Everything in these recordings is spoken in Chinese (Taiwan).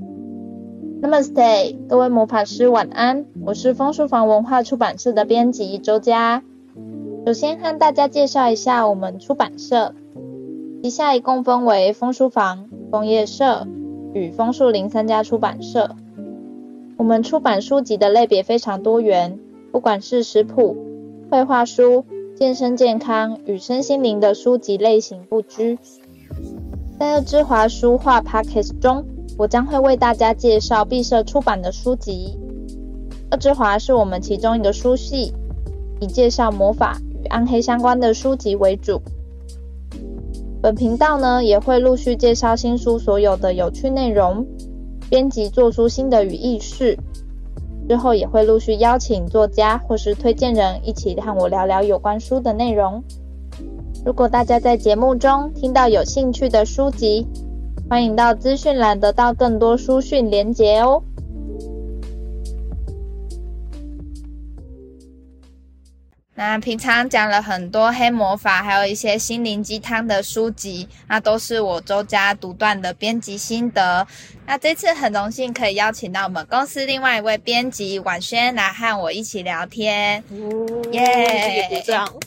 Namaste，各位魔法師晚安，我是楓書坊文化出版社的編輯周佳。首先，和大家介紹一下我們出版社，旗下一共分為楓書坊、楓葉社與楓樹林三家出版社。我們出版書籍的類別非常多元，不管是食譜、繪畫書、健身健康與身心靈的書籍類型不拘，在《惡之華書話 Podcast》中，我將會為大家介紹敝社出版的書籍。惡之華是我們其中一個書系，以介紹魔法與暗黑相關的書籍為主。本頻道呢也會陸續介紹新書所有的有趣內容，編輯做書心得與軼事。之後也會陸續邀請作家或是推薦人一起和我聊聊有關書的內容。如果大家在節目中聽到有興趣的書籍，歡迎到資訊欄得到更多書訊連結哦。那、啊、平常講了很多黑魔法，還有一些心靈雞湯的書籍，那都是我周佳獨斷的編輯心得。那這次很榮幸可以邀請到我們公司另外一位編輯婉瑄來和我一起聊天。耶、哦，yeah! 這樣，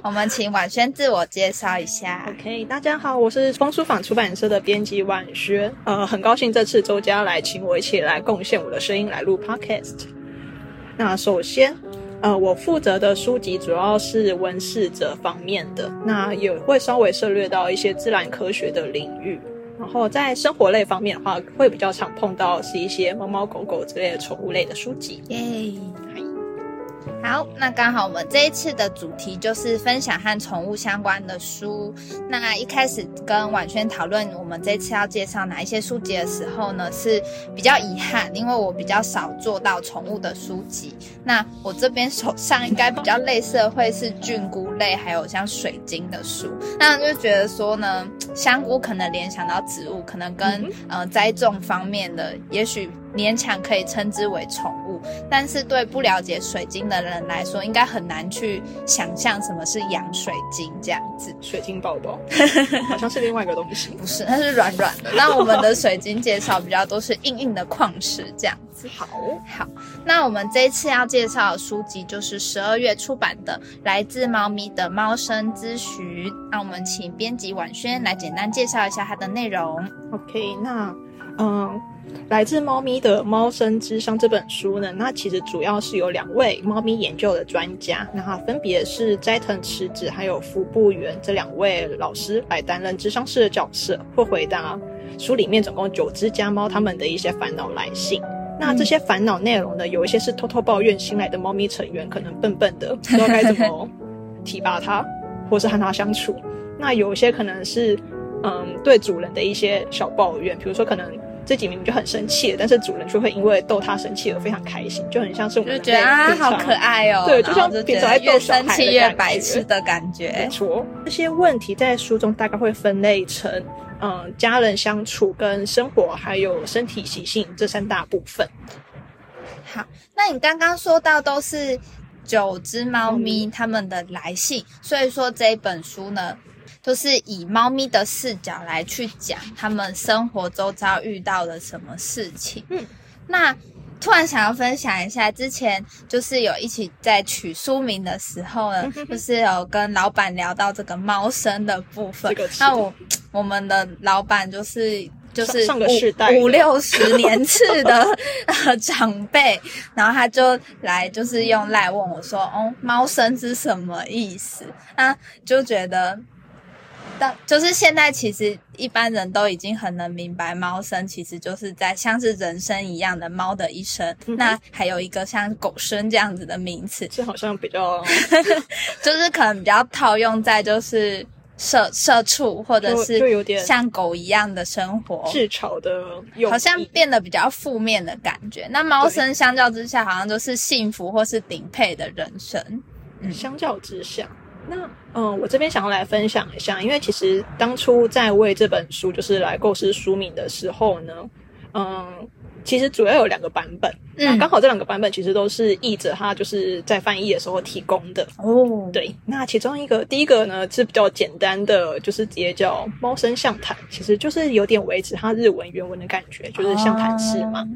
我們請婉瑄自我介紹一下。OK，大家好，我是風書坊出版社的編輯婉瑄。呃，很高興這次周佳來請我一起來貢獻我的聲音來錄 Podcast。那首先。呃，我負責的書籍主要是文史哲方面的，那也會稍微涉獵到一些自然科學的領域。然後在生活類方面的話，會比較常碰到是一些貓貓狗狗之類的寵物類的書籍。Yay! 好，那剛好我們這一次的主題就是分享和寵物相關的書。那一開始跟婉瑄討論我們這一次要介紹哪一些書籍的時候呢，是比較遺憾，因為我比較少做到寵物的書籍。那我這邊手上應該比較類似的會是菌菇類，還有像水晶的書。那我就覺得說呢，香菇可能聯想到植物，可能跟呃栽種方面的，也許勉強可以稱之為寵物。但是對不了解水晶的人來說，應該很難去想象什麼是養水晶這樣子。水晶寶寶， 好像是另外一個東西。不是，它是軟軟的。 那我們的水晶介紹比較都是硬硬的礦石這樣子。好，好。那我們這一次要介紹的書籍就是十二月出版的《來自貓咪的貓生諮商》。那我們請編輯婉瑄來簡單介紹一下它的內容。OK，那，嗯、呃。來自貓咪的《貓生諮商》這本書呢，那其實主要是有兩位貓咪研究的專家，那它分別是齋藤慈子還有服部元這兩位老師來擔任諮商師的角色，會回答書裡面總共九只家貓他們的一些煩惱來信。那這些煩惱內容呢，有一些是偷偷抱怨新來的貓咪成員可能笨笨的，不知道該怎麼提拔它， 或是和它相處。那有一些可能是嗯對主人的一些小抱怨，比如說可能。自己明明就很生氣，但是主人卻會因為逗它生氣而非常開心，就很像是我們就覺得啊，好可愛哦！對，就像平時在逗生氣越白痴的，的感覺。沒錯，這些問題在書中大概會分類成嗯，家人相處、跟生活還有身體習性這三大部分。好，那你剛剛說到都是九隻貓咪它們的來信、嗯，所以說這一本書呢？就是以貓咪的視角來去講他們生活周遭遇到的什麼事情。嗯，那突然想要分享一下，之前就是有一起在取書名的時候呢， 就是有跟老闆聊到這個貓生的部分。這個、那我我們的老闆就是就是上個世代五六十年次的、 呃、長輩，然後他就來就是用賴問我說：“哦，貓生是什麼意思？”那就覺得。就是現在，其實一般人都已經很能明白，貓生其實就是在像是人生一樣的貓的一生、嗯。那還有一個像狗生這樣子的名詞，是好像比較， 就是可能比較套用在就是社 社，社畜或者是有點像狗一樣的生活，自嘲的用意，好像變得比較負面的感覺。那貓生相較之下，好像就是幸福或是頂配的人生、嗯。相較之下。那嗯，我這邊想要來分享一下，因為其實當初在為這本書就是來構思書名的時候呢，嗯，其實主要有兩個版本。嗯、那剛好這兩個版本其實都是譯者他就是在翻譯的時候提供的哦。對，那其中一個第一個呢是比較簡單的，就是直接叫“貓生相談”，其實就是有點維持它日文原文的感覺，就是相談式嘛、啊。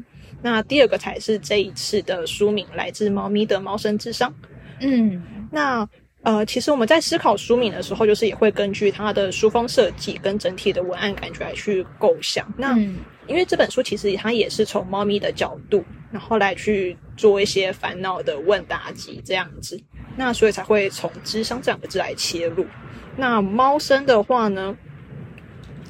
那第二個才是這一次的書名，來自貓咪的貓生諮商。嗯，那。呃，其實我們在思考書名的時候，就是也會根據它的書封設計跟整體的文案感覺來去構想。那、嗯、因為這本書其實它也是從貓咪的角度，然後來去做一些煩惱的問答集這樣子，那所以才會從諮商這兩個字來切入。那貓生的話呢？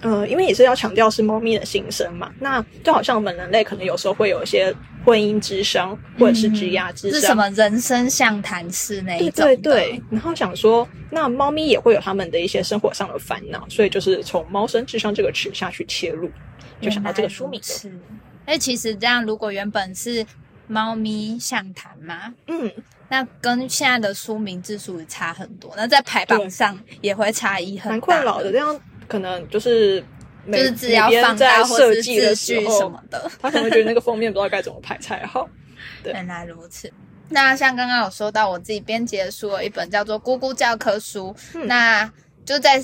呃，因為也是要強調是貓咪的心聲嘛，那就好像我們人類可能有時候會有一些婚姻諮商、嗯、或者是職涯諮商，是什麼人生相談室那一種？對，對對。然後想說，那貓咪也會有他們的一些生活上的煩惱，所以就是從貓生諮商這個詞下去切入、嗯，就想到這個書名。是、嗯，哎，其實這樣如果原本是貓咪相談嘛，嗯，那跟現在的書名字數也差很多，那在排版上也會差異很大，對對，蠻困擾的這樣。可能就是每就是只要放大在設計的時候什麼的， 他可能覺得那個封面不知道該怎麼拍才好 對。原來如此。那像剛剛有說到，我自己編輯的書有一本叫做《咕咕教科書》，嗯，那就在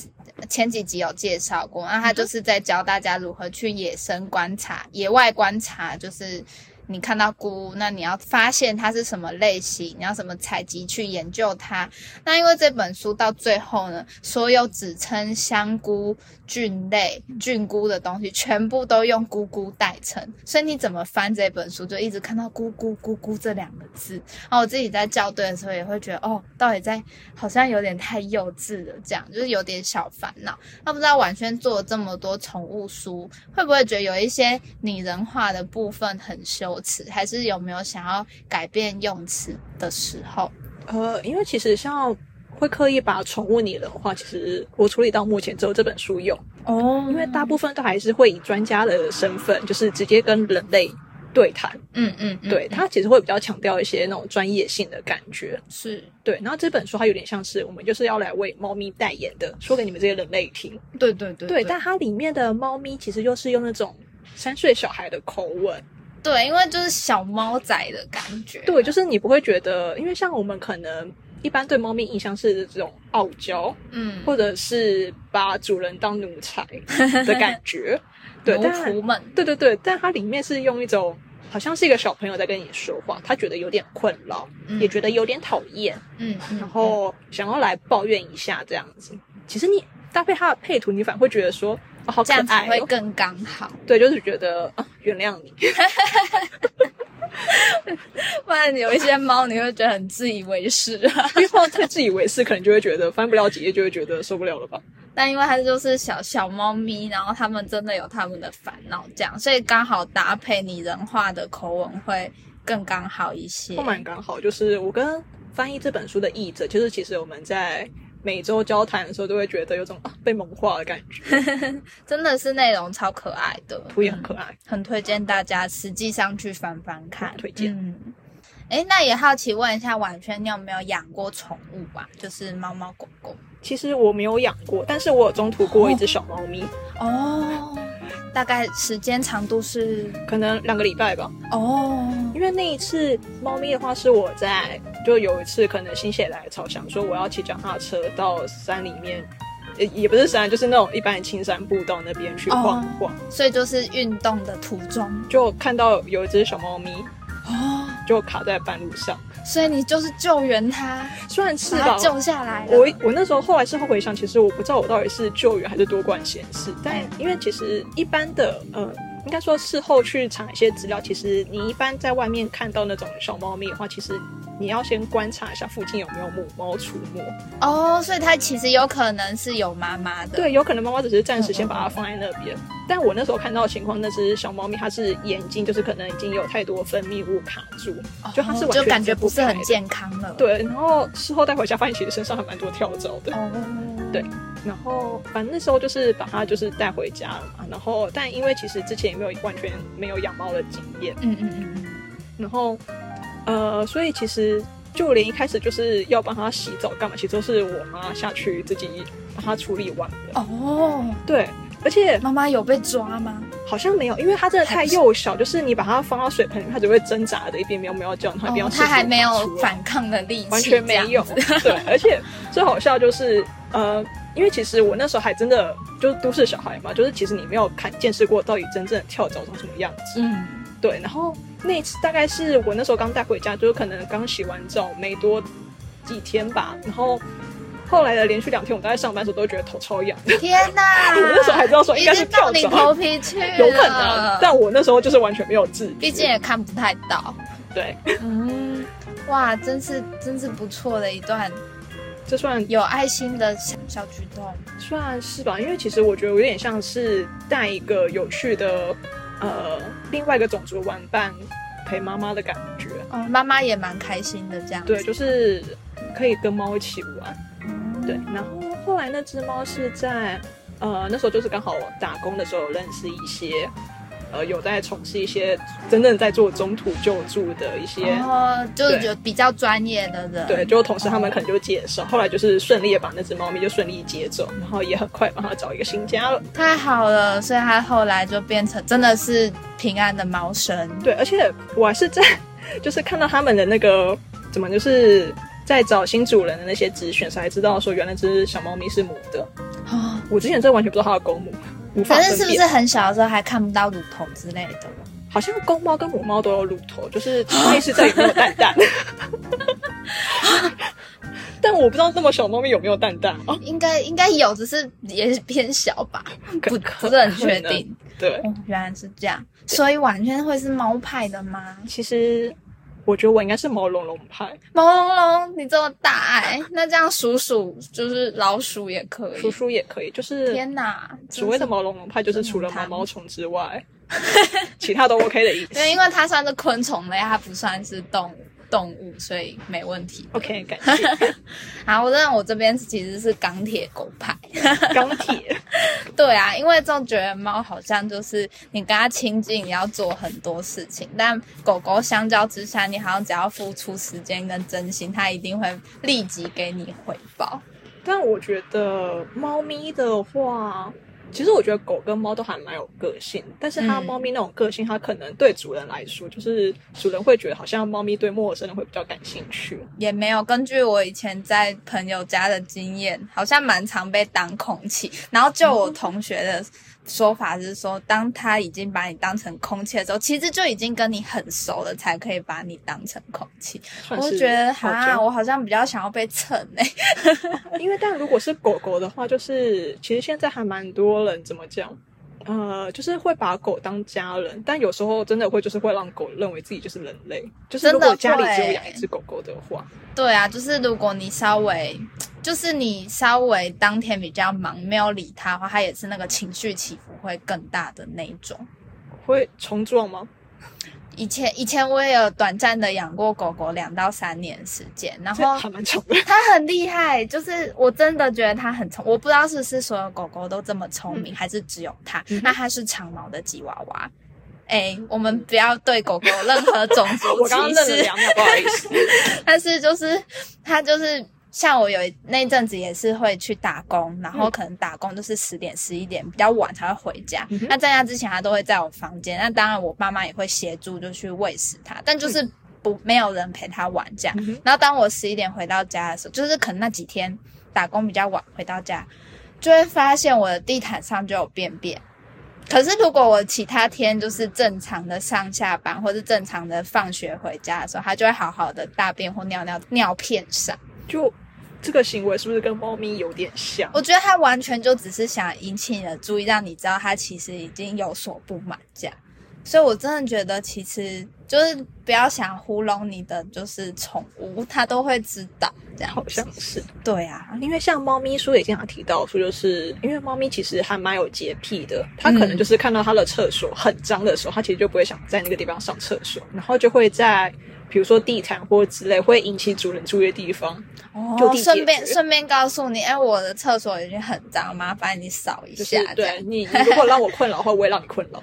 前幾集有介紹過，那、嗯、他、啊、就是在教大家如何去野生觀察、嗯、野外觀察，就是。你看到菇，那你要發現它是什麼類型，你要怎麼採集去研究它。那因為這本書到最後呢，所有只稱香菇菌類菌菇的東西，全部都用菇菇代稱，所以你怎麼翻這本書，就一直看到菇菇菇菇這兩個字。然後我自己在校對的時候也會覺得，哦，到底在，好像有點太幼稚了，這樣就是有點小煩惱。那不知道婉瑄做了這麼多寵物書，會不會覺得有一些擬人化的部分很羞？詞還是有沒有想要改變用詞的時候？呃，因為其實像會刻意把寵物你的話，其實我處理到目前只有這本書用哦，Oh. 因為大部分都還是會以專家的身份，就是直接跟人類對談。嗯嗯，對嗯，它其實會比較強調一些那種專業性的感覺，是對。然後這本書它有點像是我們就是要來為貓咪代言的，說給你們這些人類聽。對對對，對，對，對。但它裡面的貓咪其實就是用那種三歲小孩的口吻。對，因為就是小貓仔的感覺、啊。對，就是你不會覺得，因為像我們可能一般對貓咪印象是這種傲嬌，嗯，或者是把主人當奴才的感覺， 對，僕，對對對，但它裡面是用一種，好像是一個小朋友在跟你說話，他覺得有點困擾、嗯，也覺得有點討厭，嗯，然後想要來抱怨一下這樣子、嗯。其實你搭配它的配圖，你反而會覺得說。哦好哦、這樣才會更剛好。 對，就是覺得、啊、原諒你。 不然有一些貓，你會覺得很自以為是、啊。 因為太自以為是，可能就會覺得翻不了幾頁，就會覺得受不了了吧？但因為它就是小小貓咪，然後它們真的有他們的煩惱，這樣，所以剛好搭配擬人化的口吻會更剛好一些。後面剛好就是我跟翻譯這本書的譯者，就是其實我們在。每周交談的時候，都會覺得有種被萌化的感覺， 真的是內容超可愛的，圖也很可愛，嗯、很推薦大家實際上去翻翻看。嗯、推薦。哎、嗯欸，那也好奇問一下婉瑄，你有沒有養過寵物啊？就是貓貓狗狗。其實我沒有養過，但是我有中途過一只小貓咪。哦、oh. oh.。大概時間長度是可能兩個禮拜吧。哦、oh.，因為那一次貓咪的話是我在就有一次可能心血來潮，想說我要騎腳踏車到山裡面，也、也不是山，就是那種一般的青山步道那邊去逛，oh. 逛，所以就是運動的途中就看到有、有一隻小貓咪。就卡在半路上，所以你就是救援它，雖然是把它救下來。我我那時候後來事後回想，其實我不知道我到底是救援還是多管閒事。但因為其實一般的呃，應該說事後去查一些資料，其實你一般在外面看到那種小貓咪的話，其實。你要先觀察一下附近有沒有母貓出沒哦，oh, 所以它其實有可能是有媽媽的。對，有可能媽媽只是暫時先把它放在那邊。Oh, okay. 但我那時候看到的情況，那只小貓咪它是眼睛就是可能已經有太多分泌物卡住，oh, 就它是完全感覺不是很健康了。對，然後事後帶回家發現，其實身上還蠻多跳蚤的。Oh. 對，然後反正那時候就是把它就是帶回家了嘛。然後但因為其實之前也沒有完全沒有養貓的經驗。嗯嗯嗯，然後。呃，所以其實就連一開始就是要幫他洗澡幹嘛，其實都是我媽下去自己把他處理完的。哦，對，而且媽媽有被抓嗎？好像沒有，因為他真的太幼小，就是你把它放到水盆裡面，他只會掙扎的一邊喵喵沒有沒有叫，他喵、啊。哦，他還沒有反抗的力氣，完全沒有。 對，而且最好笑就是，呃，因為其實我那時候還真的就是都市小孩嘛，就是其實你沒有看見識過到底真正的跳蚤長什麼樣子。嗯，對，然後。那次大概是我那時候剛帶回家，就是可能剛洗完澡沒多幾天吧，然後後來的連續兩天我都在上班的時候都覺得頭超癢。天哪！ 我那時候還知道說，應該是跳蚤，已經到你頭皮去了，有可能。但我那時候就是完全沒有治，畢竟也看不太到。對，嗯，哇，真是真是不錯的一段，這算有愛心的小舉動，算是吧。因為其實我覺得有點像是帶一個有趣的。呃，另外一個種族玩伴陪媽媽的感覺，哦，媽媽也蠻開心的，這樣子，對，就是可以跟貓一起玩，嗯，對，然後後來那隻貓是在，呃，那時候就是剛好打工的時候認識一些。呃，有在從事一些真正在做中途救助的一些，oh, 就是有比較專業的人。對。對，就同時他們可能就介紹，oh. 後來就是順利的把那只貓咪就順利接走，然後也很快幫它找一個新家了。Oh. 太好了，所以它後來就變成真的是平安的貓神。對，而且我還是在就是看到他們的那個怎麼就是在找新主人的那些資訊才知道說原來這只小貓咪是母的啊，oh. 我之前真的完全不知道它有公母。反正是不是很小的時候還看不到乳頭之類的？好像公貓跟母貓都有乳頭，就是貓咪是在有沒有蛋蛋、 啊？但我不知道這麼小貓咪有沒有蛋蛋啊？應該應該有，只是也是偏小吧，不不是很確定。對哦，原來是這樣，所以婉瑄會是貓派的嗎？其實。我覺得我應該是毛茸茸派，毛茸茸，你這麼大，欸，那這樣鼠鼠就是老鼠也可以，鼠鼠也可以，就是天哪，所謂的毛茸茸派就是除了毛毛蟲之外，其他都 OK 的意思。對， 因為它算是昆蟲類，它不算是動物。動物，所以沒問題。OK，感謝。 好，我認我這邊其實是鋼鐵狗派。 鋼鐵。 對啊，因為總覺得貓好像就是你跟它親近，你要做很多事情；但狗狗相較之下，你好像只要付出時間跟真心，它一定會立即給你回報。但我覺得貓咪的話。其實我覺得狗跟貓都還蠻有個性，但是它貓咪那種個性，它可能對主人來說，嗯，就是主人會覺得好像貓咪對陌生人會比較感興趣。也沒有，根據我以前在朋友家的經驗，好像蠻常被當空氣。然後就我同學的。嗯說法是說，當他已經把你當成空氣的時候，其實就已經跟你很熟了，才可以把你當成空氣。是我覺得啊，我好像比較想要被蹭哎、欸。 因為但如果是狗狗的話，就是其實現在還蠻多人怎麼講。呃，就是會把狗當家人，但有時候真的會就是會讓狗認為自己就是人類。就是如果家裡只有養一隻狗狗的話，真的對，對啊，就是如果你稍微，就是你稍微當天比較忙沒有理它的話，它也是那個情緒起伏會更大的那一種，會重做嗎？以前以前我也有短暫的養過狗狗兩到三年時間，然後它很聰明，它很厲害，就是我真的覺得它很聰明。 我不知道是是所有狗狗都這麼聰明，嗯，還是只有它。那，嗯，它是長毛的吉娃娃，哎、欸，我們不要對狗狗任何種族 我剛剛愣了兩秒不好意思。但 是就是它就是。像我有一那一陣子也是會去打工，然後可能打工都是十點十一點比較晚才會回家。嗯、那在家之前，他都會在我房間。那當然我爸媽也會協助，就去餵食他。但就是不、嗯、沒有人陪他玩這樣、嗯。然後當我十一點回到家的時候，就是可能那幾天打工比較晚回到家，就會發現我的地毯上就有便便。可是如果我其他天就是正常的上下班或是正常的放學回家的時候，他就會好好的大便或尿尿尿片上。就這個行為是不是跟貓咪有點像？我覺得它完全就只是想引起你的注意，讓你知道它其實已經有所不滿，這樣。所以我真的覺得，其實就是不要想糊弄你的，就是寵物，它都會知道這樣。好像是。對啊，因為像貓咪，書也經常提到說，就是因為貓咪其實還蠻有潔癖的，它可能就是看到它的廁所很髒的時候，它、嗯、其實就不會想在那個地方上廁所，然後就會在。比如說地毯或之類會引起主人注意的地方哦就地。順便順便告訴你，哎，我的廁所已經很髒，麻煩你掃一下。就是、對你，你如果讓我困擾的話， 我也讓你困擾。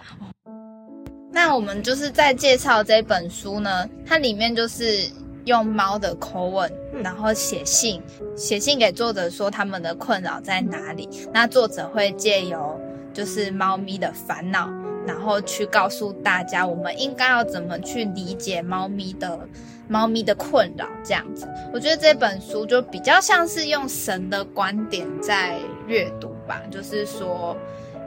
那我們就是在介紹這本書呢，它裡面就是用貓的口吻，然後寫信，寫信給作者說他們的困擾在哪裡。那作者會借由就是貓咪的煩惱。然後去告訴大家，我們應該要怎麼去理解貓咪的貓咪的困擾。這樣子，我覺得這本書就比較像是用神的觀點在閱讀吧。就是說，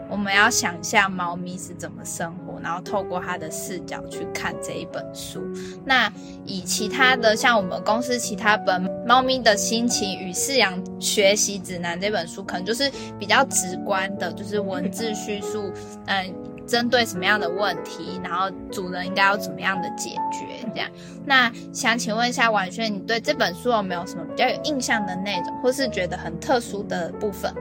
我們要想象貓咪是怎麼生活，然後透過他的視角去看這一本書。那以其他的像我們公司其他本《貓咪的心情與飼養學習指南》這本書，可能就是比較直觀的，就是文字敘述，嗯。針對什麼樣的問題，然後主人應該要怎麼樣的解決？這樣，那想請問一下婉軒，你對這本書有沒有什麼比較有印象的內容，或是覺得很特殊的部分？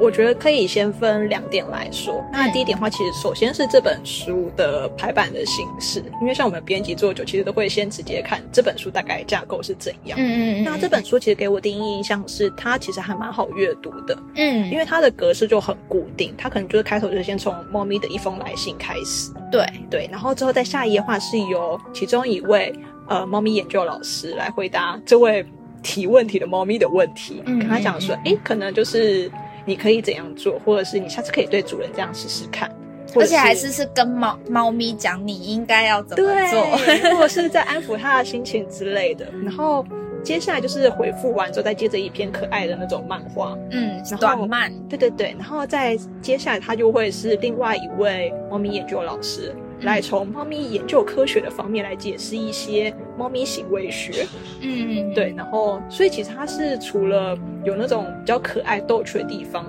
我覺得可以先分兩點來說。那第一點的話，其實首先是這本書的排版的形式，因為像我們編輯做久，其實都會先直接看這本書大概架構是怎樣。嗯，嗯，嗯。那這本書其實給我第一印象是，它其實還蠻好閱讀的。嗯。因為它的格式就很固定，它可能就是開頭就先從貓咪的一封來信開始。對對。然後之後在下一頁話，是由其中一位呃貓咪研究老師來回答這位提問題的貓咪的問題，跟他講說，哎、欸，可能就是。你可以怎樣做，或者是你下次可以對主人這樣試試看，而且還是是跟貓貓咪講，你應該要怎麼做，或者是在安撫他的心情之類的。然後接下來就是回復完之後再接着一篇可愛的那種漫畫，嗯，短漫，對對對。然後再接下來它就會是另外一位貓咪研究老師。來從貓咪研究科學的方面來解釋一些貓咪行為學，嗯對。然後，所以其實它是除了有那種比較可愛逗趣的地方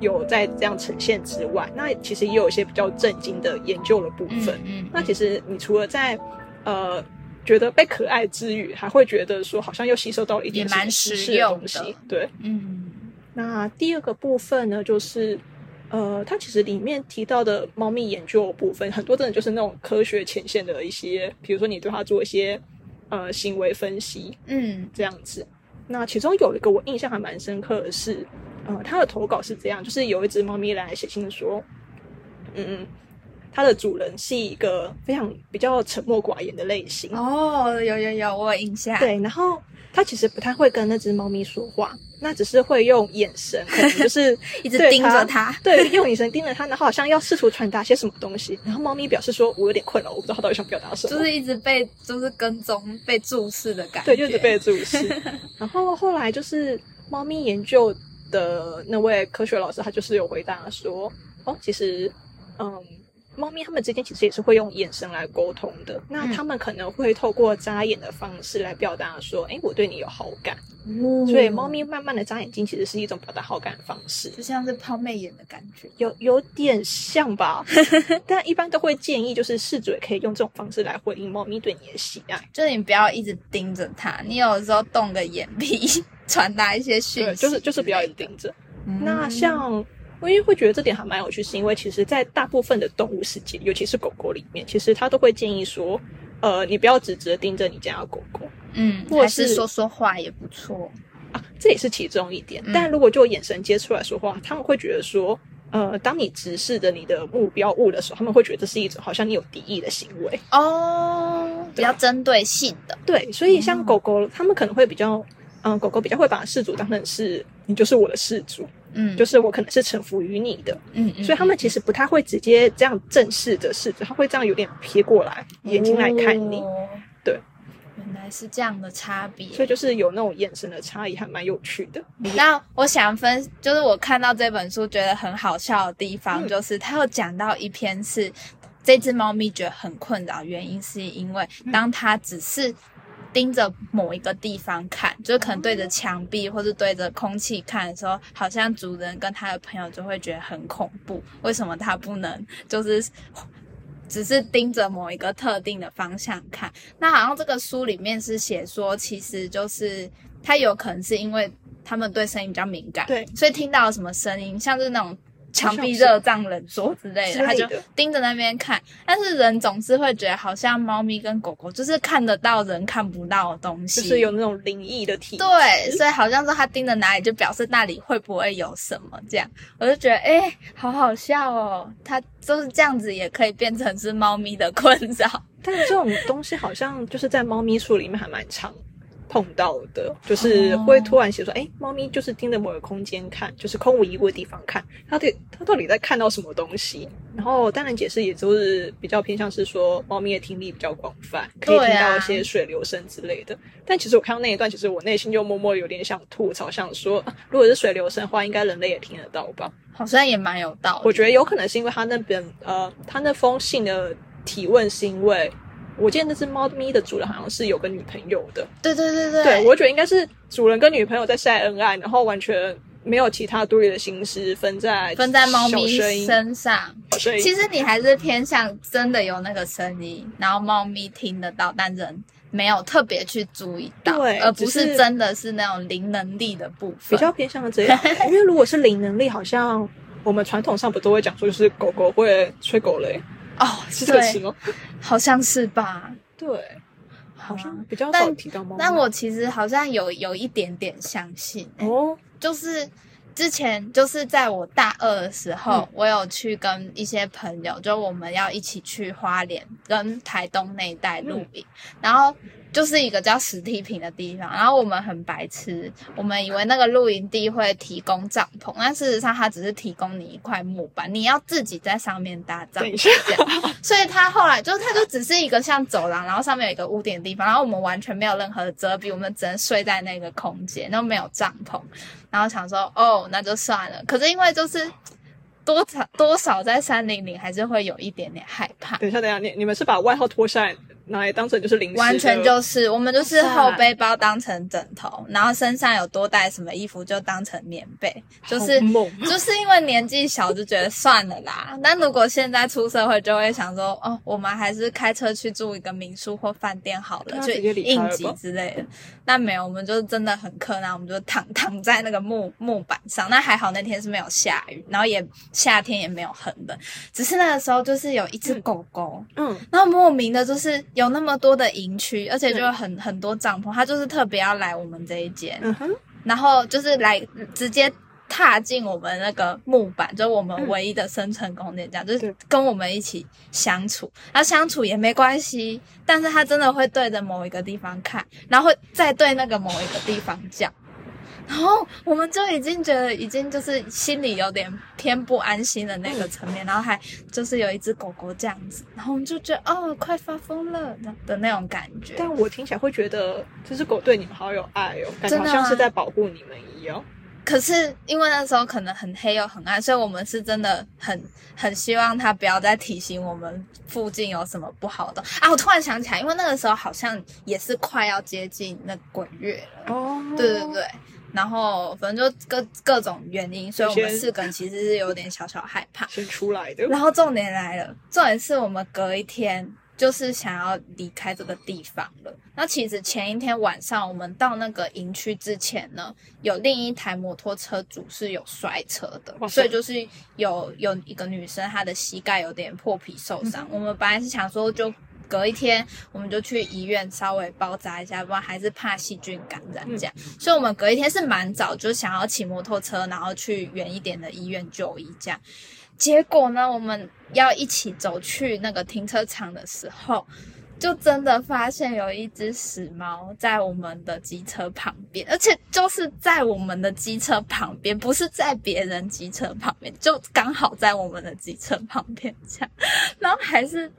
有在這樣呈現之外，那其實也有一些比較震驚的研究的部分。嗯，嗯那其實你除了在呃覺得被可愛治癒，還會覺得說好像又吸收到了一點蠻實用的東西，對，嗯。那第二個部分呢，就是。呃，它其實裡面提到的貓咪研究部分，很多真的就是那種科學前線的一些，比如說你對它做一些呃行為分析，嗯，這樣子。那其中有一個我印象還蠻深刻的是，呃，它的投稿是這樣，就是有一只貓咪來寫信說，嗯，它的主人是一個非常比較沉默寡言的類型。哦，有有有，我有印象。對，然後它其實不太會跟那只貓咪說話。那只是會用眼神，可能就是 一直盯着他。他 對，用眼神盯着他，然後好像要試圖傳達些什麼東西。然後貓咪表示說：“ 我有點困擾，我不知道它到底想表達什麼。”就是一直被，就是跟蹤、被注視的感覺。對，就一直被注視。 然後後來就是貓咪研究的那位科學老師，他就是有回答說：“哦，其實，嗯，貓咪他們之間其實也是會用眼神來溝通的。那他們可能會透過眨眼的方式來表達說：‘哎、嗯欸，我對你有好感。’”嗯、所以，貓咪慢慢的眨眼睛其實是一種表達好感的方式，就像是拋媚眼的感覺，有有點像吧。 但一般都會建議，就是飼主也可以用這種方式來回應貓咪對你的喜愛，就是你不要一直盯着它，你有的時候動個眼皮，傳 達一些訊息。就是就是不要一直盯着、嗯。那像我也會覺得這點還蠻有趣，是因為其實，在大部分的動物世界，尤其是狗狗裡面，其實它都會建議說，呃，你不要直直的盯着你家的狗狗。嗯，或是，是說說話也不錯啊，這也是其中一點、嗯。但如果就眼神接觸來說話，他們會覺得說，呃，當你直視着你的目標物的時候，他們會覺得這是一種好像你有敵意的行為哦，比較針對性的。對，所以像狗狗，他們可能會比較，嗯，嗯狗狗比較會把飼主當成是，你就是我的飼主，嗯，就是我可能是臣服於你的，嗯，嗯，嗯，所以他們其實不太會直接這樣正視着飼主，他會這樣有點瞥過來眼睛來看你，哦、對。原來是這樣的差別，所以就是有那種眼神的差異，還蠻有趣的。 那我想分，就是我看到這本書覺得很好笑的地方，就是它、嗯、有講到一篇是這隻貓咪覺得很困擾，原因是因為當它只是盯着某一個地方看，嗯、就是、可能對着牆壁或是對着空氣看的時候，嗯、好像主人跟它的朋友就會覺得很恐怖。為什麼它不能就是？只是盯着某一個特定的方向看，那好像這個書裡面是寫說，其實就是他有可能是因為他們對聲音比較敏感，對，所以聽到什麼聲音，像是那種。牆壁熱脹冷縮之類的，他就盯着那邊看。但是人總是會覺得，好像貓咪跟狗狗就是看得到人看不到的東西，就是有那種靈異的體驗。對，所以好像是他盯着哪裡，就表示那裡會不會有什麼這樣。我就覺得，哎、欸，好好笑，哦。它就是這樣子也可以變成是貓咪的困擾。但是這種東西好像就是在貓咪書裡面還蠻常碰到的，就是會突然寫說，哎、Oh. 欸，貓咪就是盯着某個空間看，就是空無一物的地方看，它對它到底在看到什麼東西？然後當然解釋也就是比較偏向是說，貓咪的聽力比較廣泛，可以聽到一些水流聲之類的。啊、但其實我看到那一段，其實我內心就默默有點想吐槽，想說，如果是水流聲的話，應該人類也聽得到吧？好像也蠻有道理。我覺得有可能是因為他那邊，呃，他那封信的提問是因為。我見那隻貓咪的主人好像是有個女朋友的，對對對對，對我覺得應該是主人跟女朋友在曬恩愛，然後完全沒有其他多餘的心思分在分在貓咪身上。其實你還是偏向真的有那個聲音，然後貓咪聽得到，但人沒有特別去注意到，對，而不是真的是那種靈能力的部分，比較偏向的這樣。 因為如果是靈能力，好像我們傳統上不都會講說，就是狗狗會吹狗螺。哦、oh，是可惜哦， 好像是吧？對，好吧，好像比較少提到貓，貓，但但我其實好像有有一點點相信哦，就是之前就是在我大二的時候、嗯，我有去跟一些朋友，就我們要一起去花蓮跟台東那一帶露營、嗯，然後，就是一個叫石梯坪的地方，然後我們很白痴，我們以為那個露營地會提供帳篷，但事實上它只是提供你一塊木板，你要自己在上面搭帳篷。這樣所以他後來就，他就只是一個像走廊，然後上面有一個屋頂的地方，然後我們完全沒有任何的遮蔽，我們只能睡在那個空間，都沒有帳篷。然後想說，哦，那就算了。可是因為就是多少多少在森林裡，還是會有一點點害怕。等一下，等一下，你你們是把外套脫下來？拿來當成就是零食，完全就是我們就是後背包當成枕頭，然後身上有多帶什麼衣服就當成棉被，就是、啊、就是因為年紀小就覺得算了啦。那 如果現在出社會就會想說哦，我們還是開車去住一個民宿或飯店好了，就應急之類的。那沒有，我們就真的很困難，我們就躺躺在那個木木板上。那還好那天是沒有下雨，然後也夏天也沒有很冷，只是那個時候就是有一只狗狗，嗯，那莫名的就是。有那麼多的營區，而且就很、嗯、很多帳篷，他就是特別要來我們這一間，嗯、哼然後就是來直接踏進我們那個木板，就是我們唯一的生存空間，這、嗯、樣就是跟我們一起相處。然後相處也沒關係，但是他真的會對着某一個地方看，然後會再對那個某一個地方講。然後我們就已經覺得，已經就是心裡有點偏不安心的那個層面、哦，然後還就是有一只狗狗這樣子，然後我們就覺得哦，快發瘋了的那種感覺。但我聽起來會覺得，這只狗對你們好有愛哦，感覺好像是在保護你們一樣、哦。可是因為那時候可能很黑又很暗，所以我們是真的很很希望它不要再提醒我們附近有什麼不好的啊！我突然想起來，因為那個時候好像也是快要接近那鬼月了。哦，對對對。然後，反正就各各種原因，所以我們四個人其實是有點小小害怕，先出來的。然後重點來了，重點是我們隔一天就是想要離開這個地方了。那其實前一天晚上，我們到那個營區之前呢，有另一台摩托車主是有摔車的，所以就是有有一個女生她的膝蓋有點破皮受傷。嗯、我們本來是想說就。隔一天，我們就去醫院稍微包紮一下，不然還是怕細菌感染這樣。嗯。所以我們隔一天是蠻早，就想要騎摩托車，然後去遠一點的醫院就醫這樣。結果呢，我們要一起走去那個停車場的時候，就真的發現有一隻死貓在我們的機車旁邊，而且就是在我們的機車旁邊，不是在別人機車旁邊，就剛好在我們的機車旁邊這樣。然後還是。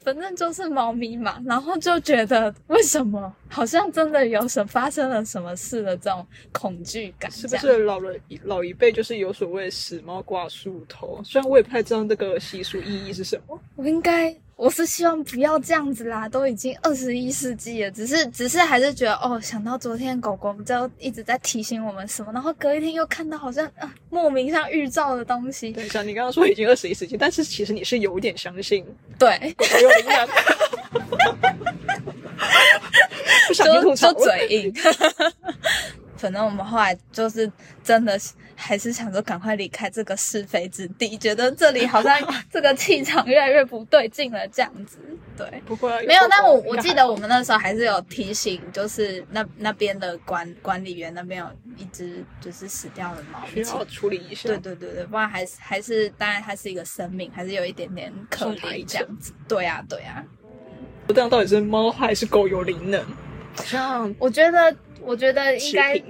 反正就是貓咪嘛，然後就覺得為什麼好像真的有什麼發生了什麼事的這種恐懼感。是不是老了，老一輩就是有所謂死貓掛樹頭？雖然我也不太知道這個習俗意義是什麼。我應該。我是希望不要這樣子啦，都已經二十一世紀了，只是只是還是覺得哦，想到昨天狗狗不知道一直在提醒我們什麼，然後隔一天又看到好像啊、呃、莫名像預兆的東西。對，像你剛剛說已經二十一世紀，但是其實你是有點相信狗狗。對，狗狗又來了，就就嘴硬。 反正我們後來就是真的，還是想着趕快離開這個是非之地，覺得這裡好像這個氣場越來越不對勁了，這樣子。對，不過、啊、沒有。但我我記得我們那時候還是有提醒，就是那那邊的管管理員那邊有一隻就是死掉的貓，需要，要處理一下。對對對對，不然還是還是當然它是一個生命，還是有一點點可怕。這樣子。對啊對啊，這樣到底是貓還是狗有靈呢？嗯，我覺得，我覺得應該，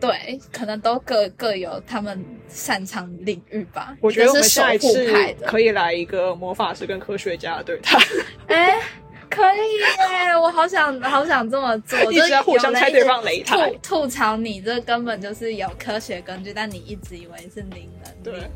對，可能都各各有他們擅長領域吧。我覺得我們的，可以來一個魔法師跟科學家對談。哎， 可以耶，我好想，好想這麼做。必須要互相猜對方雷台。 吐槽你，這根本就是有科學根據，但你一直以為是靈能。對。